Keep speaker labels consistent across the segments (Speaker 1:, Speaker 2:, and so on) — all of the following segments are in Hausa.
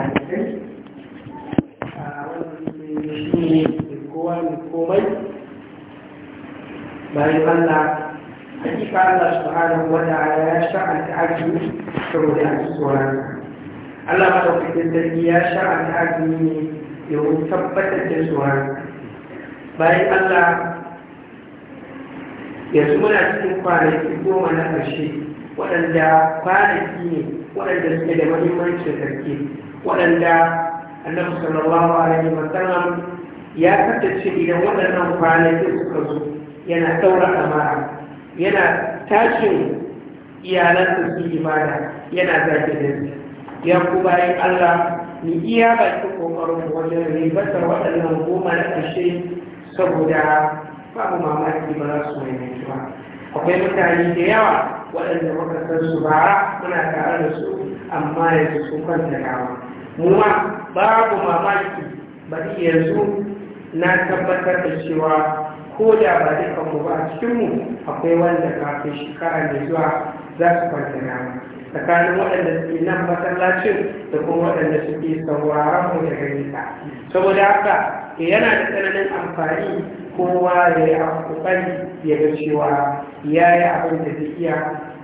Speaker 1: hadisai a wani ne kowa komai Allah hakika Allah subhanahu ya sha'anta azumi a tsoron Allah ya ne domin tabbatar da tsoron bayan Allah yanzu muna cikin kwanaki goma na ƙarshe waɗanda kwanaki ne waɗanda suke da mahimmancin gaske waɗanda annabi sallallahu alaihi wa sallam ya kattace idan waɗannan kwanakin suka zo yana ɗaura amara yana tashin iyalansa su imana yana zaki da su ya ku bayan Allah ni iya baki kokarin wajen ribatar waɗannan goma na ƙarshe saboda babu mamaki ba za su mai mutuwa akwai mutane da yawa waɗanda muka san su ba muna tare da su amma yanzu sun kwanta gawa mu ma babu mamaki bari yanzu na tabbatar da cewa ko da ba duka mu ba a cikinmu akwai wanda kafin shekara mai zuwa za su kwanta gawa tsakanin waɗanda suke nan masallacin da kuma waɗanda suke sauraron mu daga nisa saboda haka eh, yana da tsananin amfani kowa ya yi a kokari ya ga cewa ya yi abin da zai iya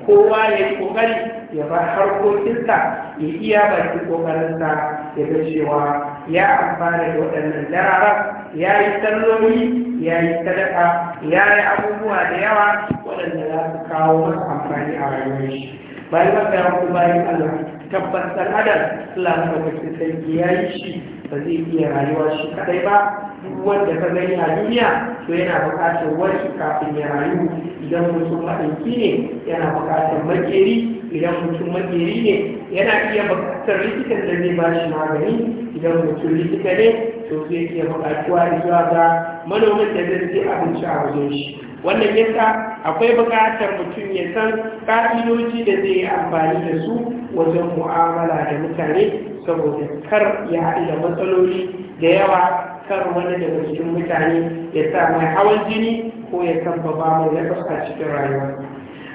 Speaker 1: kowa ya yi kokari ya ba harkokinsa ya iya baki kokarinsa ya ga cewa ya amfana da waɗannan darara ya yi salloli ya yi sadaka ya yi abubuwa da yawa waɗanda za su kawo masa amfani a rayuwar shi bayan maka Allah tabbas adar adam da madaukakin sarki ya yi shi ba zai iya rayuwa shi kadai ba duk wanda ka gani a duniya to yana bukatar wani kafin ya rayu idan mutum maɗauki ne yana bukatar makeri idan mutum makeri ne yana iya bukatar likitan da zai ba shi magani idan mutum likita ne to zai iya da zuwa ga manomin da zai abinci a wajen shi wannan yasa akwai bukatar mutum ya san ƙa'idoji da zai yi amfani da su wajen mu'amala da mutane saboda kar ya haɗu da matsaloli da yawa kar wani daga cikin mutane ya sa mai hawan jini ko ya san babba mai na a cikin rayuwa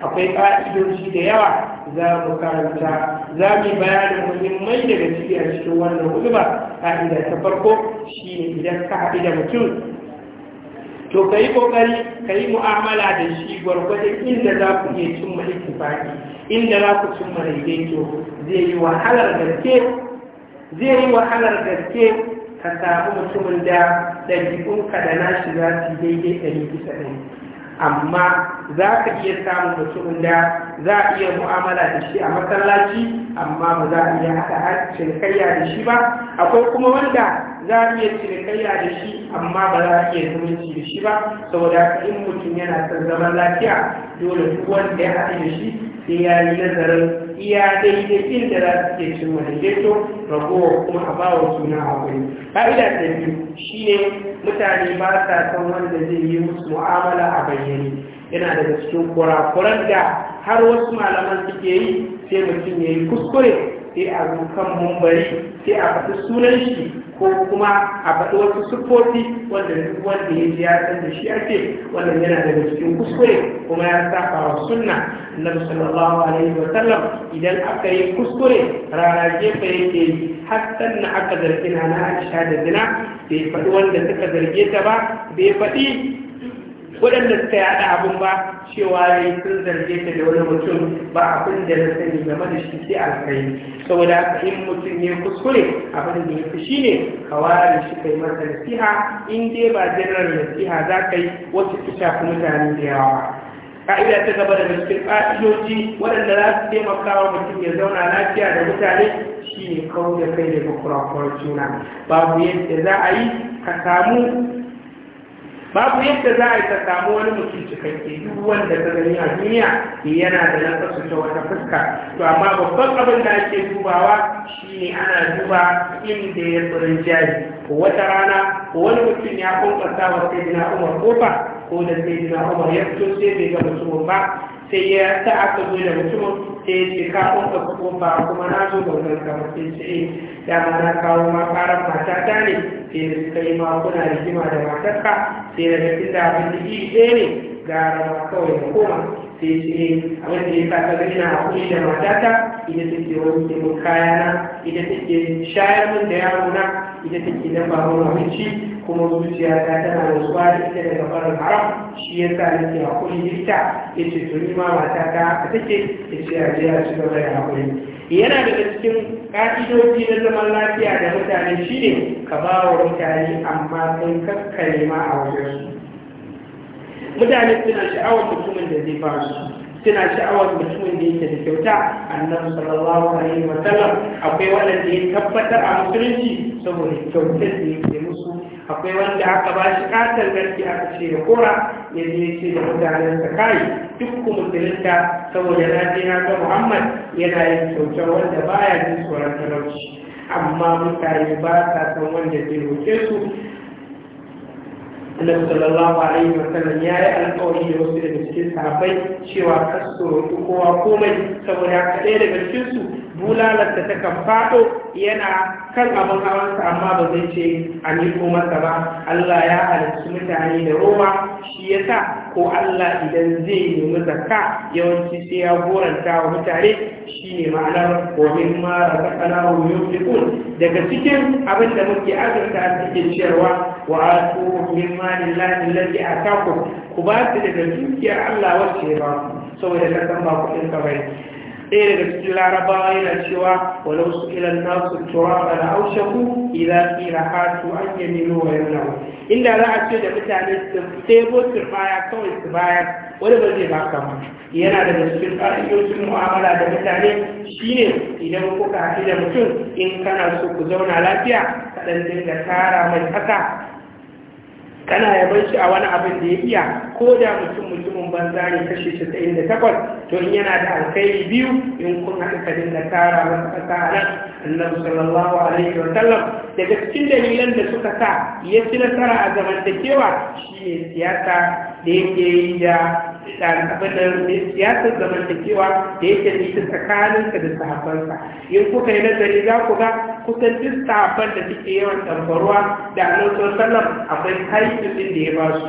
Speaker 1: akwai ƙa'idoji da yawa za mu karanta za mu yi bayanin muhimmai daga ciki a cikin wannan hulba ƙa'ida ta farko shi ne idan ka haɗu da mutum to ka yi ƙoƙari ka yi mu'amala da shi gwargwadon inda za ku iya cimma ittifaki inda za ku cimma daidaito zai yi wahalar gaske zai yi wahalar gaske ka samu mutumin da ɗabi'unka da nashi za su daidai ɗari bisa ɗari amma za ka iya samun mutumin da za a iya mu'amala da shi a masallaci amma ba za a iya haɗa cinikayya da shi ba akwai kuma wanda za a iya cinikayya da shi amma ba za a iya zumunci da shi ba saboda in mutum yana son zaman lafiya dole duk wanda ya haɗu da shi sai ya yi nazarin iya daidai inda za su ke cin madaidaito ragowa kuma a bawa suna a ka'ida ta biyu shine mutane ba sa san wanda zai yi musu mu'amala a bayyane yana daga cikin kuran da har wasu malaman suke yi sai mutum ya yi kuskure sai a zo kan mumbari sai a faɗi sunan shi ko kuma a faɗi wasu siffofi wanda duk wanda ya ji ya san da shi ake wannan yana daga cikin kuskure kuma ya saba wa sunna annabi sallallahu alaihi wa sallam idan aka yi kuskure rana gefe yake yi har sannan aka zargi na na Aisha da zina bai faɗi wanda suka zarge ta ba bai faɗi waɗanda suka yaɗa abin ba cewa ya yi sun zarge ta da wani mutum ba abin da na sani game da shi sai alkhairi saboda haka in mutum ne kuskure abin da ya fi shi ne ka ware shi kai masa nasiha in dai ba jiran nasiha za ka yi wasu ta shafi mutane da yawa ka'ida ta gaba da cikin ƙa'idoji waɗanda za su taimaka wa mutum ya zauna lafiya da mutane shi ne kawai da kai daga kurakurar juna babu yadda za a yi ka samu babu yadda za a yi wani mutum cikakke duk wanda ta gani a duniya yana da kasu ta wata fuska to amma babban abin da ake dubawa shine ana duba inda ya tsirin jari ko wata rana ko wani mutum ya kunkasa wa sai dina umar kofa ko da sai dina umar ya fito sai bai ga mutumin ba sai ya ta aka zo da mutum sai ya ce ka kunka kofa kuma na zo da wannan kamar sai ce eh ma na kawo ma karan matata ne sai da suka yi ma kuna rigima da matarka sai da tafi da abin da iri ɗaya ne gara ma kawai da koma sai ce eh, abin da ya sa ka gani na hakuri da matata ita take ke mun kayana ita take shayar min da yaro na ita take dafa mun abinci kuma zuciya ta tana nutsuwa da ita daga farin haram shi ya sa nake hakuri ita ya ce to ni ma mata ta a take ya ce a je a ci gaba da hakuri yana daga cikin ƙa'idoji na zaman lafiya da mutane shi ne ka ba wa mutane amma sun kakkare ma a su mutane suna sha'awar mutumin da zai ba su suna sha'awar mutumin da yake da kyauta annabi sallallahu alaihi wa sallam akwai wanda ya tabbatar a musulunci saboda kyautar da yake akwai wanda aka ba shi katar garki aka ce ya kora ya je ce da mutanen sa kai duk ku musulunta saboda na je na ga muhammad yana yin kyautar wanda baya jin tsoron talauci amma mutane ba sa san wanda zai roƙe su annabi sallallahu alaihi wa sallam ya yi alƙawari da wasu daga cikin sahabbai cewa kar su roƙi kowa komai saboda haka ɗaya daga cikin su bulalar da kan faɗo yana kan abin hawansa amma ba zai ce a ko masa ba Allah ya halarci mutane da roma shi ya sa ko Allah idan zai nemi zakka yawanci sai ya goranta wa mutane shi ne ma'anar wani ma razaqana wa yunfiqun daga cikin abin da muke azurta cikin ciyarwa Wa asu yin mani na ne ladi a taku? Ku ba su da gansu Allah ba su iya ba ku. Sauya daga Samba, bai. Daya daga Sucula, rabawa yana cewa, wani wasu kilas na tuntubawa, bada haushin ku, yi za su yi rahatu, anke Inda za a ce da mutane su taimakacin baya kawai su baya, wani ba zai ba Yana da gaske, ta hanyoyin mu'amala da mutane shine idan baka hafi da mutum, in kana so ku zauna lafiya, san dinga tara mai kasa. kana yaban shi a wani abin da ya iya ko da mutum mutumin banza ne kashi casa'in da takwas to in yana da alkhairi biyu in kun haɗu ka dinga tara wasu ƙasa a nan annabi sallallahu alaihi wa sallam daga cikin dalilan da suka sa ya ci nasara a zamantakewa shi ne siyasa da yake yi da ɗaliban siyasar zamantakewa da yake yi ta tsakaninsa da sahabbansa in kuka yi nazari za ku ga kusan duk abin da suke yawan tambarwa da annabi sallallahu akwai hadisin ɗin da ya ba su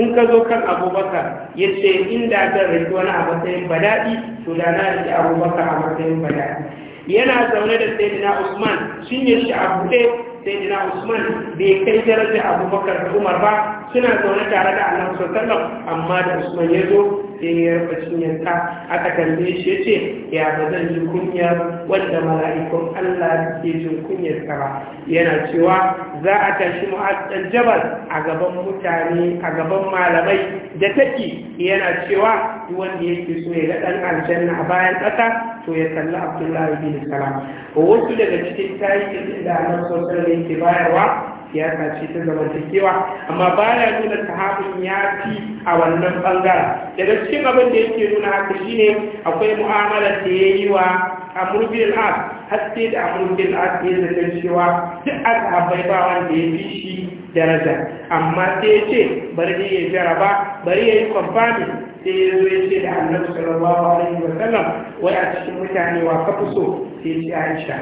Speaker 1: in ka zo kan abubakar ya ce inda zan rage wani a matsayin badaɗi to da na rage abubakar a matsayin badaɗi yana zaune da sayyidina usman shin ya shi a sai sayyidina usman bai kai da abubakar da umar ba suna zaune tare da annabi sallallahu amma da usman ya zo sai ya rufe cinyarka aka tambaye shi ya ce ya ba zan ji kunyar wanda mala'ikun Allah ke jin kunyar ba yana cewa za a tashi mu'azzan jabal a gaban mutane a gaban malamai da taki yana cewa wanda yake so ya ga dan aljanna a bayan ƙasa to ya kalli Abdullahi bin Salam wasu daga cikin tarihin da Annabi sallallahu alaihi wasallam yake bayarwa siyasa ce ta zamantakewa amma ba ya nuna sahabin ya fi a wannan bangaren daga cikin abin da yake nuna haka ne akwai mu'amalar da ya yi wa a murbin as har sai da a murbin as ya zata cewa duk ashabai ba wanda ya fi shi daraja amma sai ya ce bari ne ya jaraba bari ya yi kwamfani sai ya zo ya ce da annabi sallallahu alaihi wa sallam wai a cikin mutane wa ka fi so sai ya ce aisha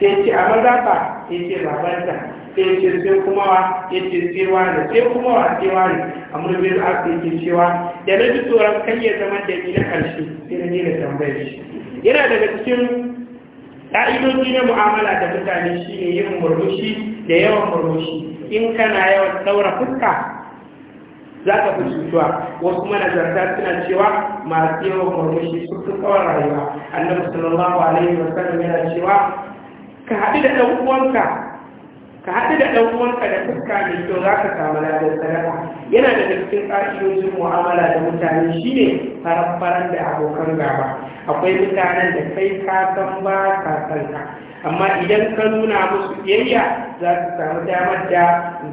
Speaker 1: sai ya ce a maza ba sai ya ce babanta sai ce sai kuma wa ya ce sai wa ne sai kuma wa sai wa ne a mulmin aka yake cewa da na ji tsoron kan ya zama da ni na karshe, sai na nila tambayi shi yana daga cikin ƙa'idoji na mu'amala da mutane shi ne yin murmushi da yawan murmushi in kana yawan ɗaura fuska za ka fi cutuwa wasu manazarta suna cewa masu yawan murmushi sun fi tsawon rayuwa annabi sallallahu alaihi wasallam yana cewa ka haɗu da ɗan uwanka ka haɗu da ɗan uwanka da fuska mai kyau za ka samu ladan sadaka yana da cikin ƙa'idojin mu'amala da mutane shine faran-faran da abokan gaba akwai mutanen da kai ka san ba ka san ka amma idan ka nuna musu biyayya za su samu damar da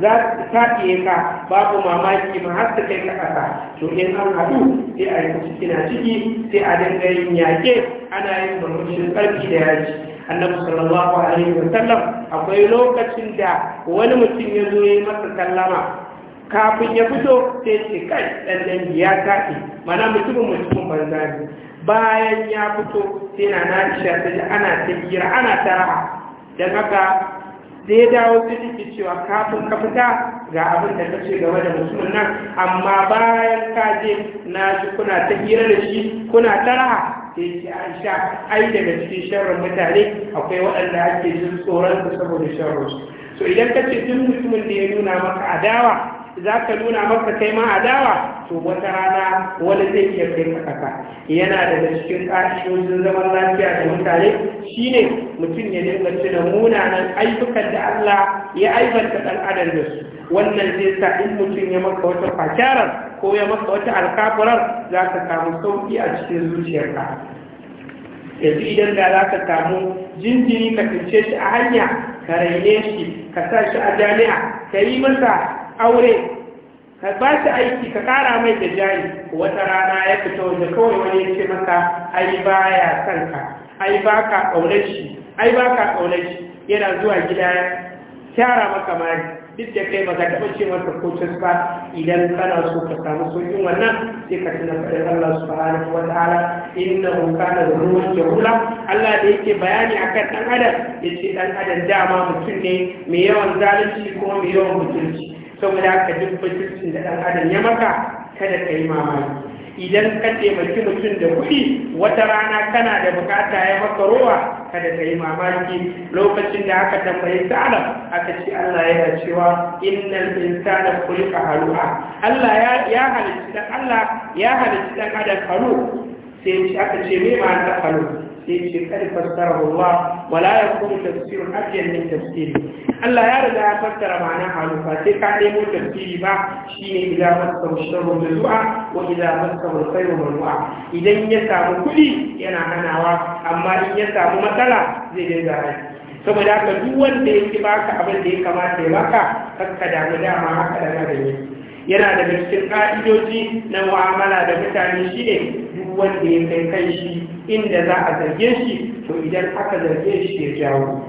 Speaker 1: za su tafiye ka babu mamaki ma har su kai ka ƙasa to in an haɗu sai a yi ciki ciki sai a dinga yin yaƙe ana yin murmushin ƙarfi da yaji annabi sallallahu alaihi wa sallam akwai lokacin da wani mutum ya zo ya yi masa sallama kafin ya fito sai ce kai ɗan ɗan ya tafi mana mutumin mutumin banza bayan ya fito sai na na'isha ana ta hira ana ta raha don haka da ya dawo su cewa kafin ka fita ga abin da ka ce game da musulun nan amma bayan ka je na shi kuna ta hira da shi kuna ta raha an sha ai daga cikin sharrin mutane akwai waɗanda ake jin tsoron saboda sharrin su so idan ka ce duk mutumin da ya nuna maka adawa za ka nuna maka kai ma dawa? to wata rana wani zai iya kai ka kasa yana daga cikin ƙa'idojin zaman lafiya da mutane shine mutum ya dinga da munanan ayyukan da Allah ya aibanta ɗan adam da su wannan zai sa in mutum ya maka wata fakarar ko ya maka wata alkafurar za ka samu sauƙi a cikin zuciyarka yanzu idan da za ka samu jinjiri ka fice shi a hanya ka raine shi ka sa shi a jami'a ka yi masa aure ka ba shi aiki ka kara mai da jari wata rana ya fito da kawai wani ya ce maka ai ba ya sanka ka ai ba ka ƙaunar shi ai ba ka ƙaunar shi yana zuwa gida ya kyara maka mari duk da kai maka taɓa ce masa kocin ba idan kana so ka samu sokin wannan sai ka tuna faɗin Allah subhanahu wa ta'ala innahu kana ghururun jahula Allah da yake bayani akan ɗan adam yace ɗan adam dama mutum ne mai yawan zalunci kuma mai yawan mutunci saboda ka duk bacircin da ɗan adam ya maka kada ka yi mamaki idan ka taimaki mutum da kuɗi wata rana kana da bukata ya maka rowa kada ka yi mamaki lokacin da aka tambayi sa'ala aka ce Allah yana cewa innal insana khuliqa halu'a Allah ya ya halitta Allah ya halitta dan adam sai aka ce me ma ta kalu. sai ce kada fassara Allah wala ya kuma tafsirin ajiyar min tafsiri Allah ya riga ya fassara ma'ana halufa sai ka nemo tafsiri ba shi ne idan masa sharru da zuwa wa idan masa khairu marwa idan ya samu kuɗi yana hanawa amma in ya samu matsala zai dinga rai saboda haka duk wanda ya yake baka abin da ya kamata ya baka kakka damu dama haka da gare yana daga cikin ƙa'idoji na mu'amala da mutane shi ne wanda ya kai kan shi inda za a zarge shi to idan aka zarge shi ya jawo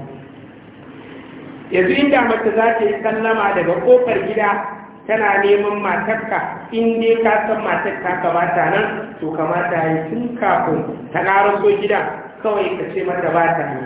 Speaker 1: yanzu inda mace za ta yi sallama daga kofar gida tana neman matarka in dai ka san matarka ka ba ta nan to kamata yi tun kafin ta ƙaraso gida kawai ka ce mata ba ta ne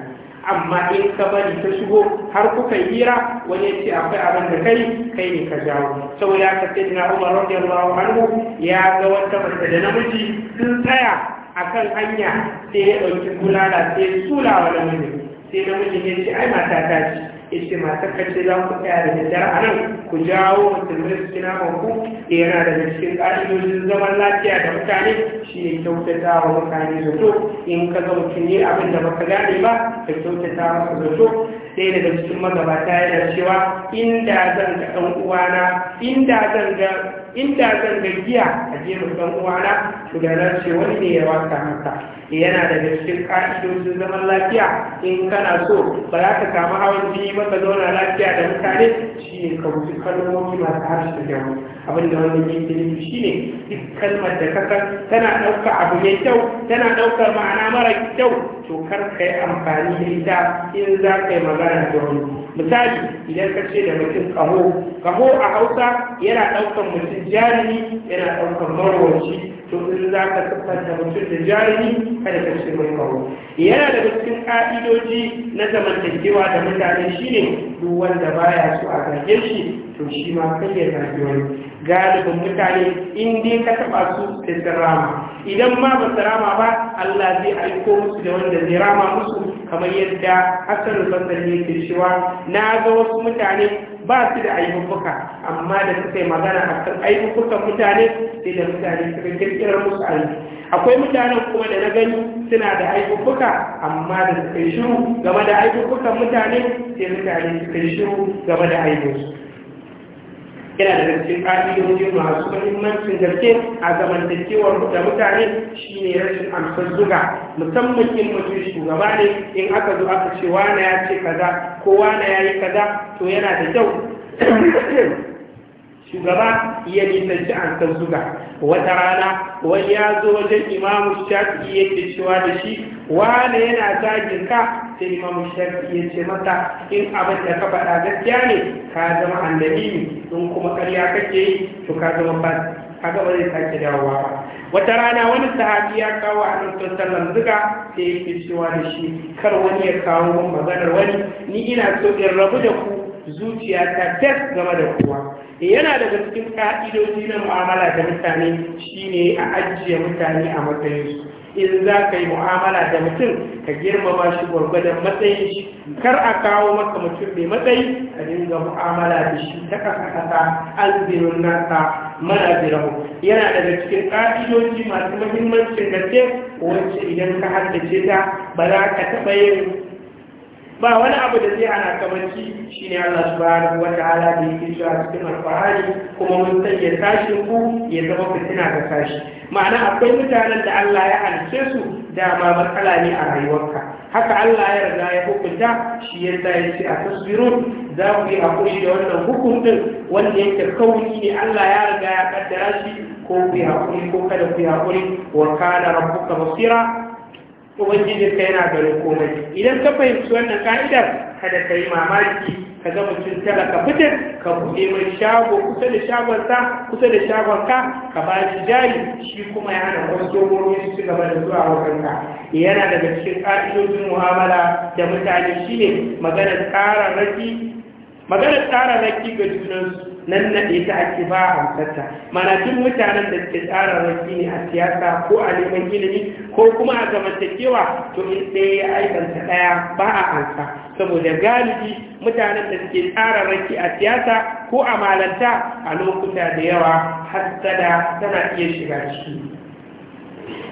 Speaker 1: amma in ka bari ta shigo har kuka hira wani ya ce akwai abin da kai kai ne ka jawo ya ka ce na umar radiyallahu anhu ya ga wata mace da namiji sun tsaya a kan hanya sai ya ɗauki bulala sai ya tura wa namiji sai namijin ya ce ai mata ta ce ita mata kace za ku tsaya da daddare a nan ku jawo mutum da su kina ku eh, yana da cikin ƙa'idojin zaman lafiya da mutane shi ne kyautata wa mutane zato in ka ga mutum ne abin da baka gane ba ka kyautata masa zato ɗaya daga cikin magabata yana cewa inda zan ga ɗan uwana inda zan ga inda zan ga a gemun dan uwana su da ce wani ne ya wata maka yana da cikin ƙa'idojin zaman lafiya in kana so ba za ka samu hawan jini ba ka zauna lafiya da mutane shi ne ka wuce kalmomi masu harshe da mu abin da wani yake nufi shi ne duk kalmar da ka san tana ɗaukar abu mai kyau tana ɗaukar ma'ana mara kyau to kar ka yi amfani da ita in za ka yi magana da wani misali idan ka ce da mutum kaho kaho a hausa yana ɗaukar mutum jarumi yana ɗaukar marwaci to in za ka siffanta mutum da jarumi kada ka ce mai kawo yana da cikin ƙa'idoji na zamantakewa da mutane shine duk wanda baya so a zage shi to shi ma kai ya zage wani galibin mutane in dai ka taba su da sun idan ma ba su rama ba Allah zai aiko musu da wanda zai rama musu kamar yadda Hassan Basri yake cewa na ga wasu mutane ba su da ayyukuka amma da suka yi magana a kan ayyukukan mutane sai da mutane suka kirkirar musu aiki akwai mutanen kuma da na gani suna da ayyukuka amma da suka yi shiru game da ayyukukan mutane sai mutane suka yi shiru game da ayyukansu yana da cikin ƙa'idoji masu muhimmancin gaske a zamantakewar da mutane shi ne rashin amsar zuga musamman in mutum shugaba ne in aka zo aka ce wani ya ce kaza Kowa na ya yi kaza to yana da kyau shugaba ya nisanci an san zuga wata rana wani ya zo wajen imamu ya ke cewa da shi wane yana zagin ka sai imamu shafi ya ce mata, in abin da ka faɗa gaskiya ne ka zama annabi ne in kuma karya kake yi to ka zama ba ka gaba zai sake dawowa ba wata rana wani sahabi ya kawo a nan sallan zuga sai fi cewa da shi kar wani ya kawo wani maganar wani ni ina so in rabu da ku zuciya ta tes game da kowa e, yana daga cikin ka'idoji na mu'amala da mutane shine a ajiye mutane a matsayinsu in za ka yi mu'amala da mutum ka girmama shi gwargwadon matsayin shi kar a kawo maka mutum mai matsayi a dinga mu'amala da shi ta kasa kasa alzinun nasa manazirahu yana daga cikin ƙa'idoji masu mahimmancin gaske wacce idan ka haddace ta ba za ka taɓa yin ba wani abu da zai ana kamanci shi ne Allah da wata ala da yake a cikin alfahari kuma mun san ya tashi ku ya zama fitina ga tashi ma'ana akwai mutanen da Allah ya halice su da ma matsala ne a rayuwarka haka Allah ya riga ya hukunta shi ya sa ya ce a tasbiru za ku yi haƙuri da wannan hukuncin wanda yake kauni ne Allah ya riga ya kaddara shi ko ku yi haƙuri ko kada ku yi haƙuri wa kana rabbuka basira ubangijinka yana ganin komai idan ka fahimci wannan ka'idar kada ka yi mamaki ka zama cin tara ka fita ka buɗe mai shago kusa da shagonsa kusa da shagon ka ka ba shi jari shi kuma ya hana kwastomomi su ci gaba da zuwa wakanka yana daga cikin ƙa'idojin mu'amala da mutane shi ne maganar raki ga junansu nan naɗe ta ake ba a hausarta mana duk mutanen da suke tsara raki ne a siyasa ko a neman ilimi ko kuma a zamantakewa to in ɗaya ya aikanta ɗaya ba a ansa saboda galibi mutanen da suke tsara ranki a siyasa ko a malanta a lokuta da yawa hassada tana iya shiga ciki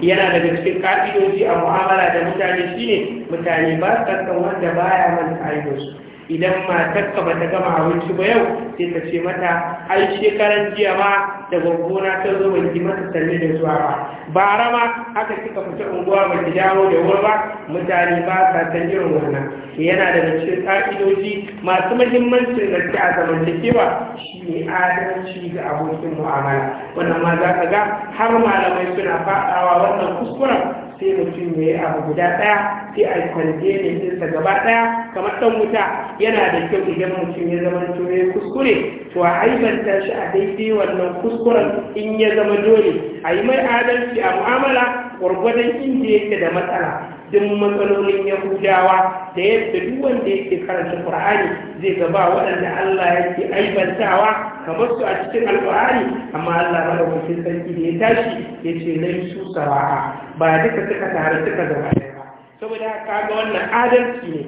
Speaker 1: yana daga cikin ka'idoji a mu'amala da mutane shine mutane ba su wanda baya manta aibinsu idan matarka ba ta gama abinci ba yau sai ta ce mata ai shekaran jiya ma da gwaggona ta zo ba ji mata sanne da zuwa ba bara ma haka kika fita unguwa ba ki dawo da wuri ba mutane ba sa san irin wannan yana da cikin ƙa'idoji masu muhimmancin ke a zamantakewa shine adalci ga abokin mu'amala wannan ma za ka ga har malamai suna faɗawa wannan kuskuren sai mutum ya yi abu guda ɗaya sai a kwanje da jinsa gaba ɗaya kamar ɗan wuta yana da kyau idan mutum ya zama to ya kuskure to a aibanta shi a daidai wannan kuskuren in ya zama dole a yi mai adalci a mu'amala gwargwadon inda yake da matsala din matsalolin yahudawa da yadda duk wanda yake karanta qur'ani zai gaba waɗanda Allah yake aibantawa kamar su a cikin alqur'ani amma Allah madaukakin sarki da ya tashi ya ce lai su sara'a ba duka suka tare suka zama ɗaya ba saboda haka, ga wannan adalci ne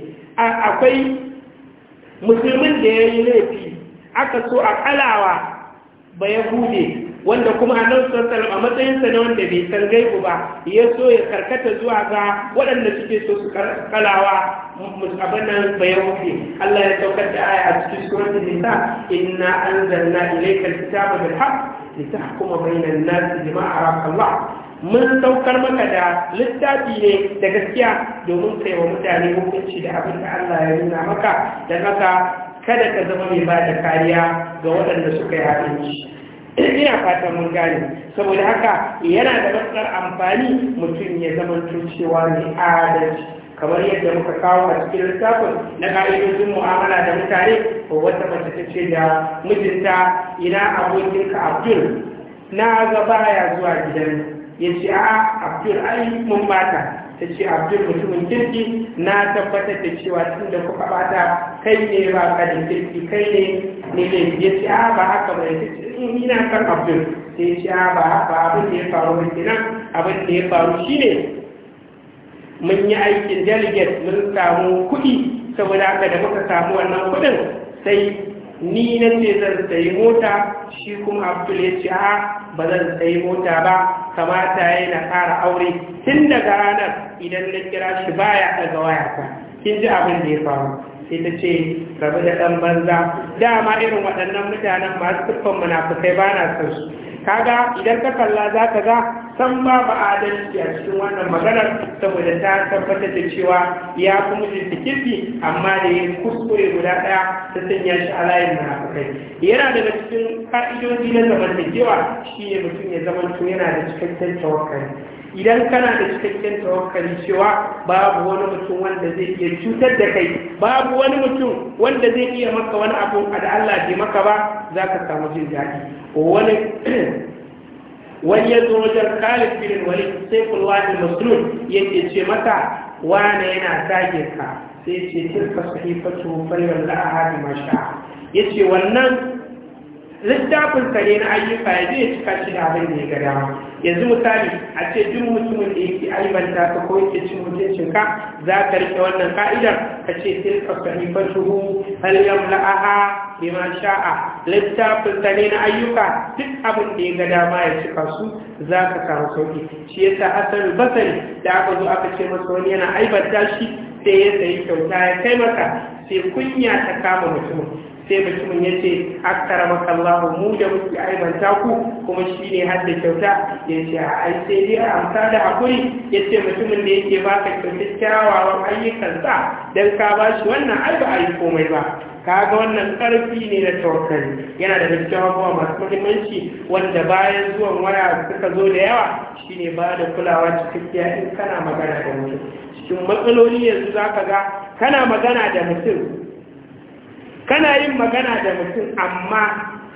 Speaker 1: akwai musulmin da yayi laifi aka so a kalawa ba ya wanda kuma a sallallahu a matsayinsa na wanda bai san gaibu ba ya so ya karkata zuwa ga waɗanda suke so su kalawa abin nan bayan wuce Allah ya saukar da aya a cikin suratul nisa inna anzalna ilayka alkitaba bil haqq litahkuma bainan nas bima araka Allah mun saukar maka da littafi ne da gaskiya domin kai wa mutane hukunci da abin da Allah ya nuna maka da haka kada ka zama mai ba da kariya ga waɗanda suka yi haɗin ina fatan mun gane saboda haka yana da matsalar amfani mutum ya zama cewa mai adalci kamar yadda muka kawo a cikin littafin na ƙa'idojin mu'amala da mutane ko wata mace ta ce da mijinta ina abokinka abdul na ga baya zuwa gidan ya ce a abdul ai mun bata ta ce abdul mutumin kirki na tabbatar da cewa tun da kuka bata kai ne ba ka da kirki kai ne ne ne ya ce a ah, ba haka ba ya ce eh, in ina kan abdul Ta ya ce a ah, ba ba abin da ya faru ba kenan abin da ya faru shine mun yi aikin delegate mun samu kuɗi saboda haka da muka samu wannan kuɗin sai ni na ce zan sayi mota shi kuma abdul ya ce a ah, ba zan sayi mota ba kamata ya na ƙara aure tun daga ranar idan na kira shi baya ɗaga wayata kin ji abin da ya faru sai ta ce rabu da ɗan banza dama irin waɗannan mutanen masu tuffan munafukai ba na son su kaga idan ka kalla za ka ga san ma ba adalci a cikin wannan maganar saboda ta tabbatar da cewa ya fi mijinta kirki amma da ya kuskure guda ɗaya ta sanya shi a layin munafukai yana daga cikin ka'idoji na zamantakewa shi ne mutum ya zamanto yana da cikakken tawakkali idan kana da cikakken tawakkali cewa babu wani mutum wanda zai iya cutar da kai babu wani mutum wanda zai iya maka wani abu a da Allah bai maka ba za ka samu jin daɗi wani wani ya zo wajen Khalid wani Wali, sai al-Maslul yake ce mata wane yana tage ka sai ce tilka sahifatu falyal la'aha bi masha yace wannan littafin kare na ayyuka ya zai cika shi da abin da ya gada yanzu misali a ce duk mutumin da yake aibanta ka ko yake cin mutuncin ka za ka rike wannan ka'idar ka ce tilka sahifatuhu hal yamla'aha bima sha'a littafin kare na ayyuka duk abin da ya ga dama ya cika su za ka samu sauki shi yasa Hassan basari da aka zo aka ce masa wani yana aibanta shi sai ya sayi kyauta ya kai maka sai kunya ta kama mutumin sai mutumin ya ce akara makallahu mu da muke aibanta ku kuma shi ne har da kyauta ya ce a ai sai dai amsa da hakuri ya ce mutumin da yake baka kyauta kyawawan ayyukansa don ka ba shi wannan ai a yi komai ba Ka ga wannan karfi ne na tawakkali yana da cikin kuma masu muhimmanci wanda bayan zuwan waya suka zo da yawa shine ba da kulawa cikakkiya in kana magana da mutum cikin matsaloli yanzu zaka ga kana magana da mutum kana yin magana da mutum amma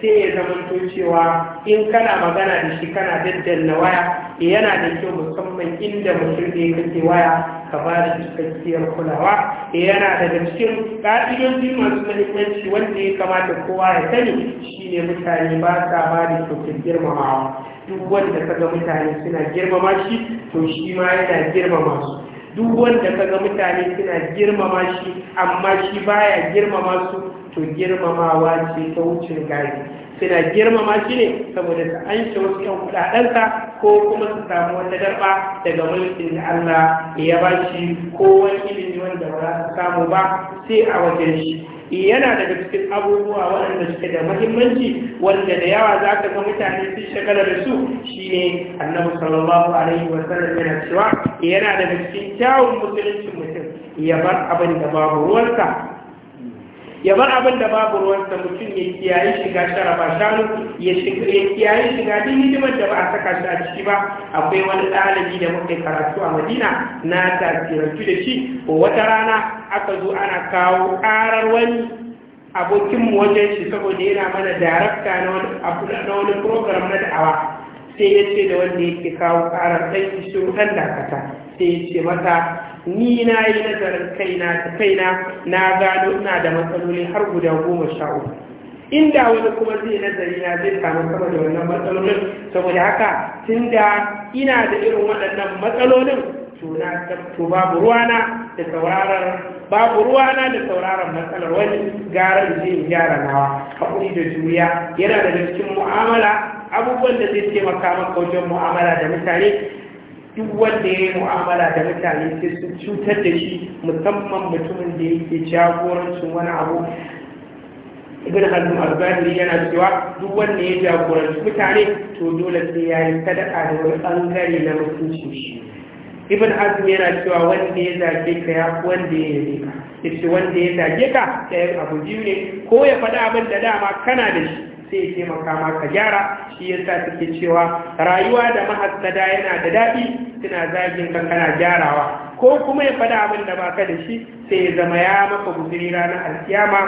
Speaker 1: sai ya zama to cewa in kana magana da shi kana daddanna waya eh, yana da kyau musamman inda mutum da kake waya ka ba da cikakkiyar kulawa eh, yana daga cikin ƙa'idoji masu mahimmanci wanda ya kamata kowa ya sani shine mutane ba sa ba da cikin girmamawa duk wanda kaga mutane suna girmama shi to shi ma yana girmama su duk wanda kaga mutane suna girmama shi amma shi baya girmama su to girmamawa ce ta wucin gari suna girmama shi ne saboda su an shi wasu yan ko kuma su samu wata darba daga mulkin da Allah ya ba shi ko wani wanda ba za su samu ba sai a wajen shi e, yana daga cikin abubuwa waɗanda suke da mahimmanci wanda da yawa za ka ga mutane sun shagala da su shine annabi sallallahu alaihi wa sallam yana cewa yana daga cikin kyawun musuluncin mutum ya bar abin da babu ruwansa ya bar abin da babu ruwansa mutum ya kiyaye shiga sharaba shanu ya kiyaye shiga din hidimar da ba a saka shi a ciki ba akwai wani ɗalibi da muka karatu a madina na tasirantu da shi ko wata rana aka zo ana kawo ƙarar wani abokinmu wajen shi saboda yana mana darakta na wani program na da'awa sai ya ce da wanda yake kawo ƙarar ɗan shi shi dakata sai ya ce mata ni na yi nazarin kaina ta kaina na gano ina da matsaloli har guda goma sha uku inda wani kuma zai nazari na zai samu sama da wannan matsalolin saboda haka tun da ina da irin waɗannan matsalolin to babu ruwana da sauraron babu ruwana da sauraron matsalar wani garar zai gyara nawa haƙuri da juriya yana da cikin mu'amala abubuwan da zai taimaka maka wajen mu'amala da mutane duk wanda ya yi mu'amala da mutane sai su cutar da shi musamman mutumin da yake jagorancin wani abu ibn hazm al yana cewa duk wanda ya jagoranci mutane to dole sai ya yi sadaka da wani bangare na mutunci shi ibn yana cewa wanda ya zage ka ya wanda ya yi ka ce wanda ya zage ka da abu biyu ne ko ya faɗa abin da dama kana da shi sai ya taimaka ma ka gyara shi yasa suke cewa rayuwa da mahassada yana da daɗi suna zagin ka kana gyarawa ko kuma ya faɗa abin da baka da shi sai ya zama ya maka guzuri ranar alkiyama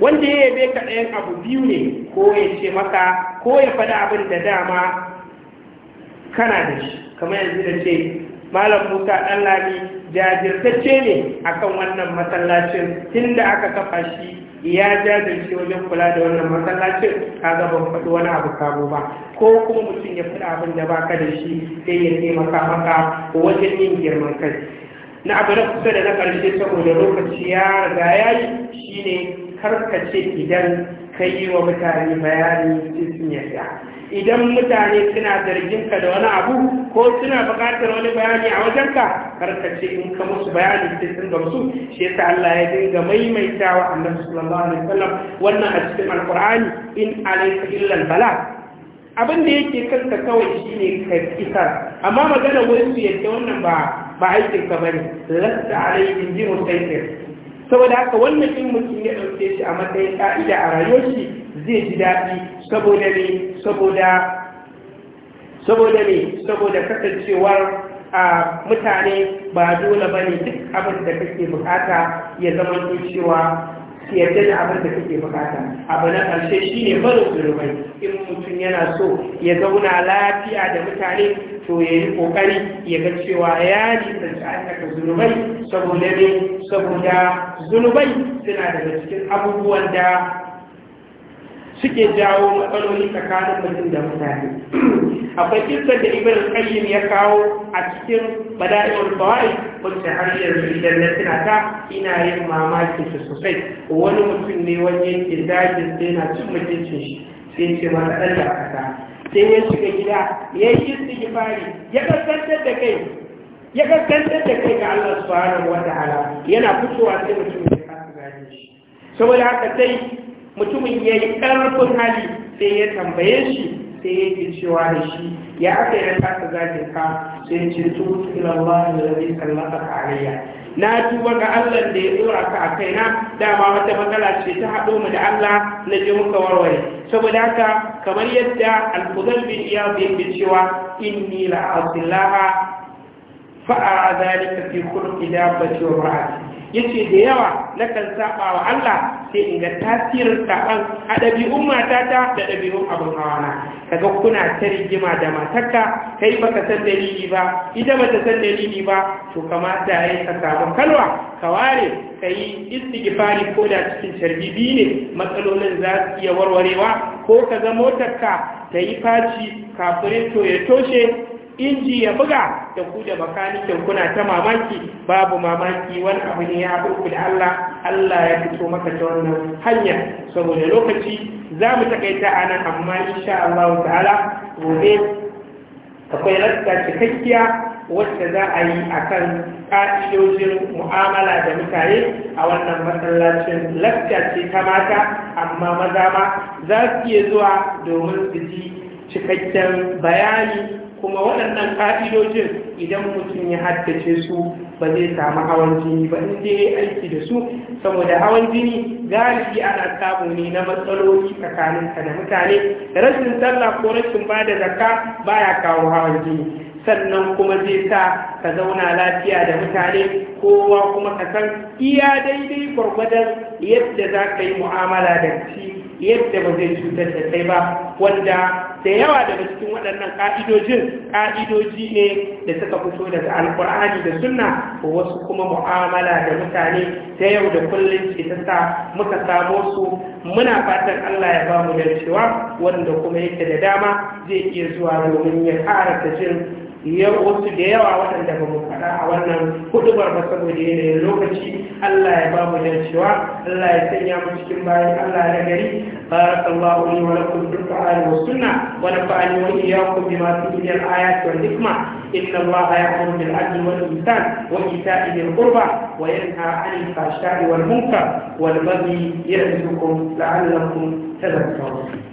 Speaker 1: wanda ya yabe ka ɗayan abu biyu ne ko ya ce maka ko ya faɗa abin da dama kana da shi kamar yanzu da ce malam musa ɗan lami jajirtacce ne akan wannan masallacin tunda aka kafa shi ya jajirce wajen kula da wannan masallacin ka ban faɗi wani abu kamo ba ko kuma mutum ya faɗi abin da baka da shi sai ya taimaka maka wajen yin girman kai na abu na kusa da na ƙarshe saboda lokaci ya riga ya yi shine karkace idan ka yi wa mutane bayani cikin yadda idan mutane suna zargin ka da wani abu ko suna bukatar wani bayani a wajen ka ce in ka musu bayani sai sun gamsu shi yasa Allah ya dinga maimaitawa Annabi sallallahu alaihi wasallam wannan a cikin Alƙur'ani in alayka illa bala abin da yake kanka kawai shine ka amma magana wani su yake wannan ba ba aikin ka bane lasta alaihim bi musaitir saboda haka wannan ɗin mutum ya ɗauke shi a matsayin ƙa'ida a rayuwar shi zai ji daɗi saboda ne saboda saboda ne saboda kasancewar a mutane ba dole ba ne duk abin da kake bukata ya zama cewa yadda da abin da kake bukata abu na ƙarshe shi ne barin zurmai in mutum yana so ya zauna lafiya da mutane to ya yi ƙoƙari ya ga cewa ya nisanci aikata zurmai saboda ne saboda zunubai suna daga cikin abubuwan da suke jawo matsaloli tsakanin mutum da mutane akwai kisar da ibirin kashin ya kawo a cikin bada'ul bawai wacce har yanzu idan na tuna ta ina yin mamaki sosai wani mutum ne wani yankin dajin sai na cin mutuncin shi sai ce masa ɗan da sai ya shiga gida ya yi istighfari ya kaskantar da kai ya kasance da kai ga Allah subhanahu wata'ala yana fitowa sai mutum ya kasa gane shi saboda haka sai mutumin ya yi ƙarfin hali sai ya tambaye shi sai ya ke cewa da shi ya aka yi kasa gane ka sai ce tutu ilallah da zai sallaka alayya na tuba ga Allah da ya tsora ka a kaina dama wata matsala ce ta haɗo mu da Allah na je muka warware saboda haka kamar yadda al-fudal bin iyad yake cewa inni la'asillaha fa'a zalika fi khuluqi dabbati wa Ya ce da yawa na kan saba wa Allah sai in ga tasirin saban a ɗabi'un matata da ɗabi'un abin hawana ga kuna ta rigima da matarka kai baka san dalili ba ita bata san dalili ba to kamata yi ka samu kalwa ka ware ka yi istigifari ko da cikin sharbibi ne matsalolin za su iya warwarewa ko ka ga motarka ta yi faci kafirin to ya toshe inji ya buga da ku da makanikin kuna ta mamaki babu mamaki wani abu ne ya burku da Allah Allah ya fito maka ta wannan hanya saboda lokaci za mu takaita a nan amma insha Allah ta'ala gobe akwai rasta cikakkiya wacce za a yi a kan ƙa'idojin mu'amala da mutane a wannan matsalacin lakta ce ta mata amma maza ma za su iya zuwa domin su ji cikakken bayani kuma waɗannan ƙa'idojin idan mutum ya haddace su ba zai samu hawan jini ba in dai aiki da su saboda hawan jini galibi ana samu ne na matsaloli tsakanin ka da mutane rashin sallah ko rashin ba da zakka baya kawo hawan jini sannan kuma zai sa ka zauna lafiya da mutane kowa kuma ka san iya daidai gwargwadon yadda za ka yi mu'amala da shi yadda ba zai cutar da kai ba wanda da yawa daga cikin waɗannan ƙa'idojin ƙa'idoji ne da suka fito daga alkur'ani da sunna ko wasu kuma mu'amala da mutane ta yau da kullum ce ta sa muka samo su muna fatan Allah ya bamu da cewa wanda kuma yake da dama zai iya zuwa domin ya ƙara ta jin ya wasu da yawa waɗanda ba mu faɗa a wannan hudubar ba saboda yanayin lokaci Allah ya ba mu dacewa Allah ya sanya mu cikin bayan Allah na gari barakallahu li wa lakum bil qur'ani was sunna wa nafa'ani wa iyyakum bima fihi min al-ayati wal hikma inna Allah ya'muru bil adli wal ihsan wa ita'i dhil qurba wa yanha 'anil fahsha'i wal munkar wal baghi ya'idukum la'allakum tadhakkarun